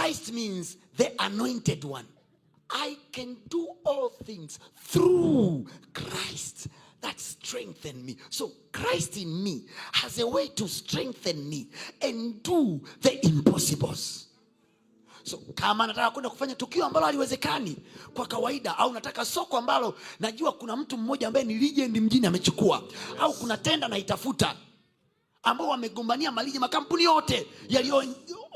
Christ means the anointed one. I can do all things through Christ that strengthen me. So Christ in me has a way to strengthen me and do the impossibles. So kama nataka kwenda kufanya tukio ambalo haliwezekani kwa kawaida, au nataka soko ambalo najua kuna mtu mmoja ambaye ni legend mjini amechukua, yes. au kuna tenda naitafuta ambao wamegombania maliji makampuni yote yaliyo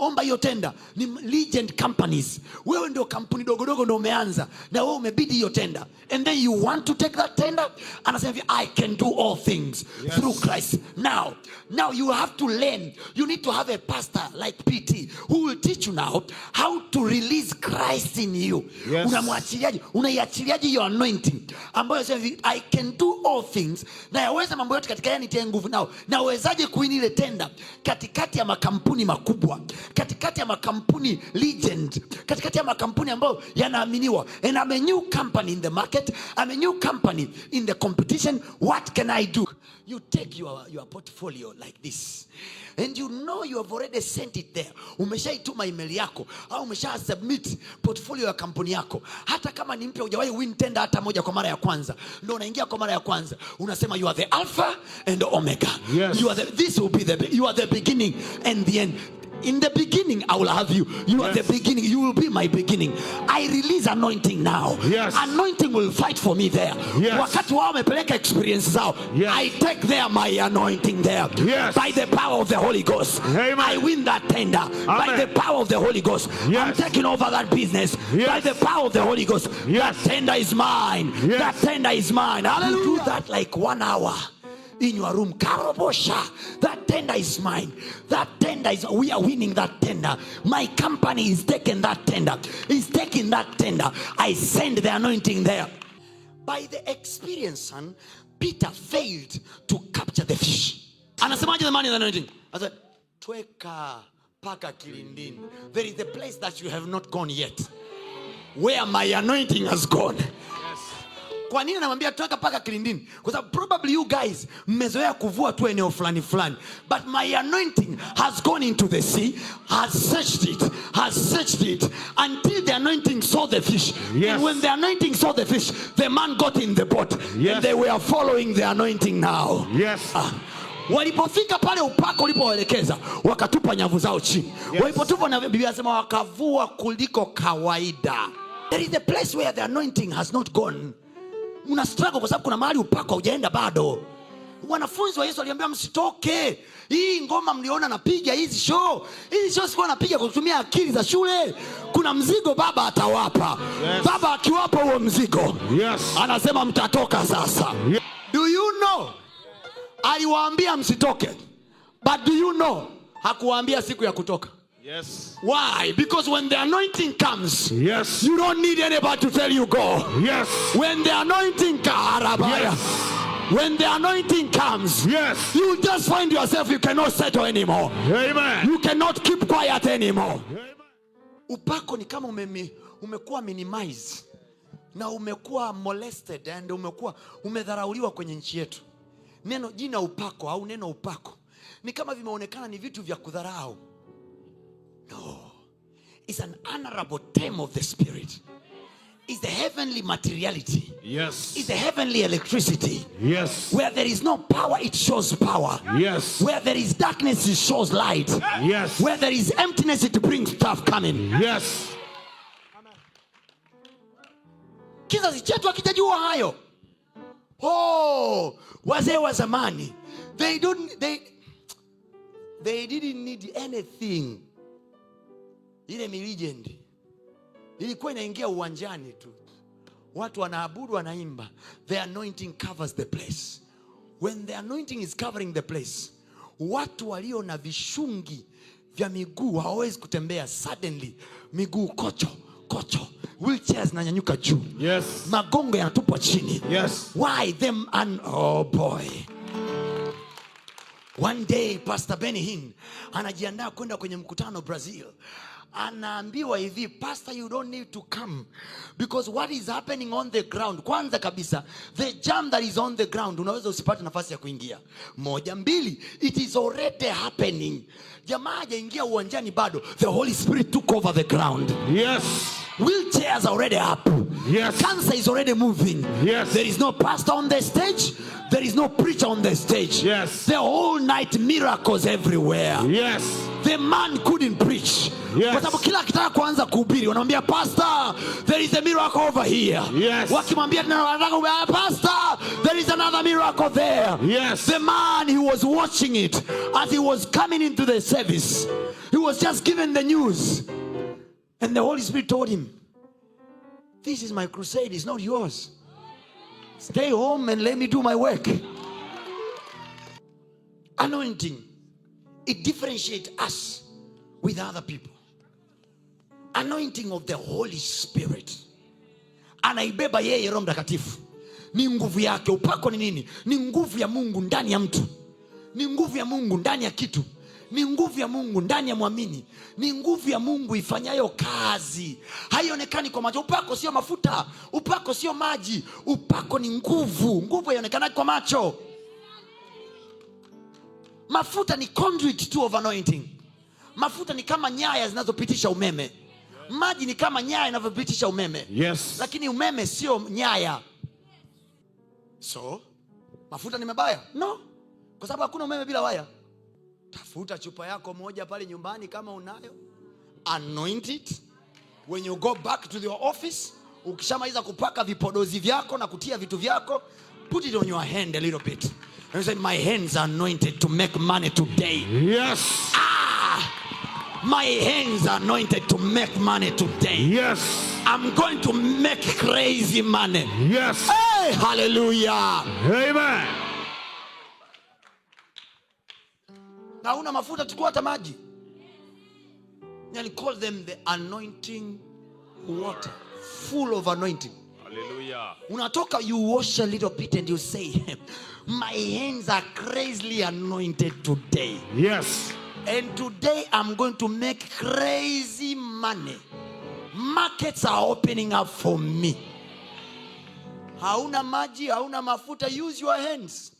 omba hiyo tenda ni legend companies. Wewe ndio kampuni dogo dogo ndio umeanza na wewe umebidi hiyo tenda, and then you want to take that tender. Anasema hivi, I can do all things yes, through Christ. Now now you have to learn, you need to have a pastor like PT who will teach you now how to release Christ in you yes. Unamwachiliaje, unaiachiliaje hiyo anointing ambayo anasema I can do all things, na yaweza mambo yote katika yeye nitie nguvu. Nao nawezaje kuini ile tenda katikati ya makampuni makubwa katikati ya makampuni legend, katikati ya makampuni ambayo yanaaminiwa. And I'm a new company in the market, I'm a new company in the competition. What can I do? You take your, your portfolio like this and you know you have already sent it there. Umeshaituma email yako au umesha submit portfolio ya kampuni yako, hata kama ni mpya, hujawahi win tender hata moja. Kwa mara ya kwanza ndio unaingia, kwa mara ya kwanza unasema you are the alpha and omega. Yes. You are the, this will be the, you are the beginning and the end. In the beginning, I will have you. You yes. are the beginning. You will be my beginning. I release anointing now. Yes. Anointing will fight for me there. Yes. experience now. Yes. I take there my anointing there. Yes. By the power of the Holy Ghost. Amen. I win that tender. Amen. By the power of the Holy Ghost. Yes. I'm taking over that business. Yes. By the power of the Holy Ghost. Yes. That tender is mine. Yes. That tender is mine. Hallelujah. will do that like one hour. in your room. Karobosha. That tender is mine. That tender is, we are winning that tender. My company is taking that tender. Is taking that tender. I send the anointing there. By the experience, son, Peter failed to capture the fish. Anasemaje the man in the anointing? I said, Tweka paka kilindini. There is a place that you have not gone yet. Where my anointing has gone. Kwa nini namwambia toka mpaka kilindini? Kwa sababu probably you guys mmezoea kuvua tu eneo fulani fulani, but my anointing has gone into the sea, has searched it, has searched it until the anointing saw the fish. Yes. And when the anointing saw the fish, the man got in the boat. Yes. And they were following the anointing now. Yes. Ah. Walipofika pale upako ulipoelekeza wakatupa nyavu zao chini. Yes. Walipotupa na Biblia inasema wakavua kuliko kawaida. There is a place where the anointing has not gone mna struggle kwa sababu kuna mahali upako haujaenda bado. Wanafunzi wa Yesu aliambia msitoke, hii ngoma mliona napiga, hizi show, hizi show sikuwa napiga kwa kutumia akili za shule. Kuna mzigo Baba atawapa. Yes. Baba akiwapa huo mzigo, yes, anasema mtatoka sasa. Yes. Do you know, aliwaambia msitoke, but do you know, hakuwaambia siku ya kutoka. Yes. Why? Because when the anointing comes, yes, you don't need anybody to tell you go. Yes. When the anointing comes, yes. when the anointing comes, yes, you will just find yourself you cannot settle anymore. Amen. You cannot keep quiet anymore. Upako ni kama umemi, umekuwa minimized na umekuwa molested and umekuwa umedharauliwa kwenye nchi yetu. Neno jina upako au neno upako ni kama vimeonekana ni vitu vya kudharau No. It's an honorable term of the spirit. It's the heavenly materiality. Yes. It's the heavenly electricity. Yes. Where there is no power, it shows power. Yes. Where there is darkness, it shows light. Yes. Where there is emptiness, it brings stuff coming. Yes. kizazi chetu hakijajua Ohio. oh there was a money, they don't, they, they didn't need anything ile legend, ilikuwa inaingia uwanjani tu, watu wanaabudu, wanaimba, the anointing covers the place. When the anointing is covering the place, watu walio na vishungi vya miguu hawawezi kutembea, suddenly miguu kocho kocho wheelchairs zinanyanyuka juu. Yes. Magongo yanatupwa chini. Yes. Why them an oh boy. One day Pastor Benny Hinn anajiandaa kwenda kwenye mkutano Brazil anaambiwa hivi, pastor, you don't need to come because what is happening on the ground. Kwanza kabisa the jam that is on the ground, unaweza usipate nafasi ya kuingia. Moja, mbili, it is already happening. Jamaa hajaingia uwanjani bado, the Holy Spirit took over the ground. Yes, wheelchairs already up. Yes, cancer is already moving. Yes, there is no pastor on the stage. There is no preacher on the stage. Yes, the whole night miracles everywhere. Yes, the man couldn't preach kwa sababu kila akitaka kuanza kuhubiri wanamwambia pastor, there is a miracle over here yes. Wakimwambia tena ah, pastor, there is another miracle there yes. The man who was watching it as he was coming into the service he was just given the news and the Holy Spirit told him this is my crusade it's not yours stay home and let me do my work anointing it differentiates us with other people anointing of the Holy Spirit anaibeba yeye Roho Mtakatifu. Ni nguvu yake. Upako ni nini? Ni nguvu ya Mungu ndani ya mtu, ni nguvu ya Mungu ndani ya kitu, ni nguvu ya Mungu ndani ya mwamini, ni nguvu ya Mungu ifanyayo kazi, haionekani kwa macho. Upako sio mafuta, upako sio maji, upako ni nguvu. Nguvu haionekanaji kwa macho. Mafuta ni conduit to of anointing. Mafuta ni kama nyaya zinazopitisha umeme. Maji ni kama nyaya inavyopitisha umeme. Yes. Lakini umeme sio nyaya. So, mafuta ni mabaya? No. Kwa sababu hakuna umeme bila waya. Tafuta chupa yako moja pale nyumbani kama unayo. Anoint it. When you go back to your office, ukishamaliza kupaka vipodozi vyako na kutia vitu vyako, put it on your hand a little bit. And you say my hands are anointed to make money today. Yes. My hands are anointed to make money today. Yes. I'm going to make crazy money. Yes. Hey, hallelujah. Amen. Na una mafuta chukua maji. And call them the anointing water, full of anointing. Hallelujah. Unatoka you wash a little bit and you say, my hands are crazily anointed today. Yes. And today I'm going to make crazy money. Markets are opening up for me. Hauna maji, hauna mafuta, use your hands.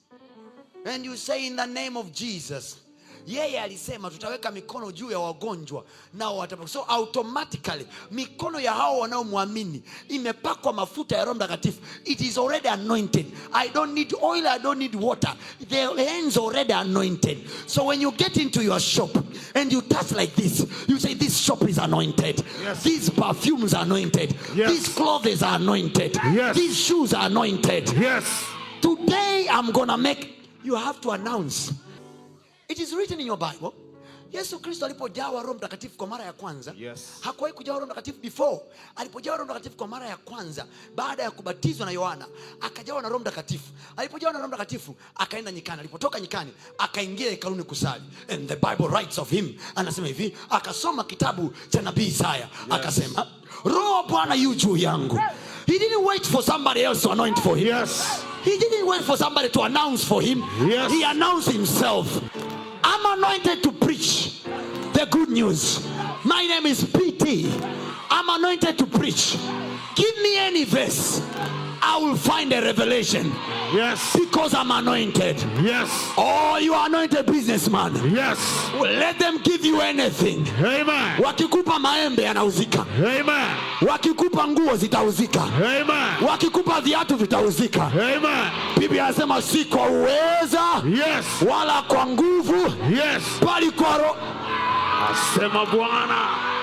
And you say in the name of Jesus, yeye alisema tutaweka mikono juu ya wagonjwa nao watapona. So automatically mikono ya hao wanaomwamini imepakwa mafuta ya Roho Mtakatifu. It is already anointed. I don't need oil, I don't need water. The hands already anointed. So when you get into your shop and you touch like this, you say this shop is anointed. Yes. These perfumes are anointed. Yes. These clothes are anointed. Yes. These shoes are anointed. Yes. Today I'm gonna make you have to announce It is written in your Bible. Yesu Kristo alipojawa Roho Mtakatifu kwa mara ya kwanza yes. Hakuwahi kujawa Roho Mtakatifu before. Alipojawa Roho Mtakatifu kwa mara ya kwanza baada ya kubatizwa na Yohana, akajawa na Roho Mtakatifu. Alipojawa na Roho Mtakatifu akaenda nyikani, alipotoka nyikani akaingia hekaluni kusali, and the Bible writes of him, anasema hivi, akasoma kitabu cha nabii Isaya akasema, Roho Bwana yu juu yangu. He didn't wait for somebody else to anoint for him. Yes. He didn't wait for somebody to announce for him. Yes. He announced himself. I'm anointed to preach the good news. My name is PT. I'm anointed to preach. Give me any verse. I will find a revelation. Yes. Because I'm anointed. Yes. Oh, you are anointed businessman. Yes. Let them give you anything. Amen. Wakikupa maembe yanauzika. Amen. Wakikupa nguo zitauzika. Amen. Wakikupa viatu vitauzika. Amen. Biblia anasema si kwa uweza yes. wala kwa nguvu yes. bali kwa Roho. Asema Bwana.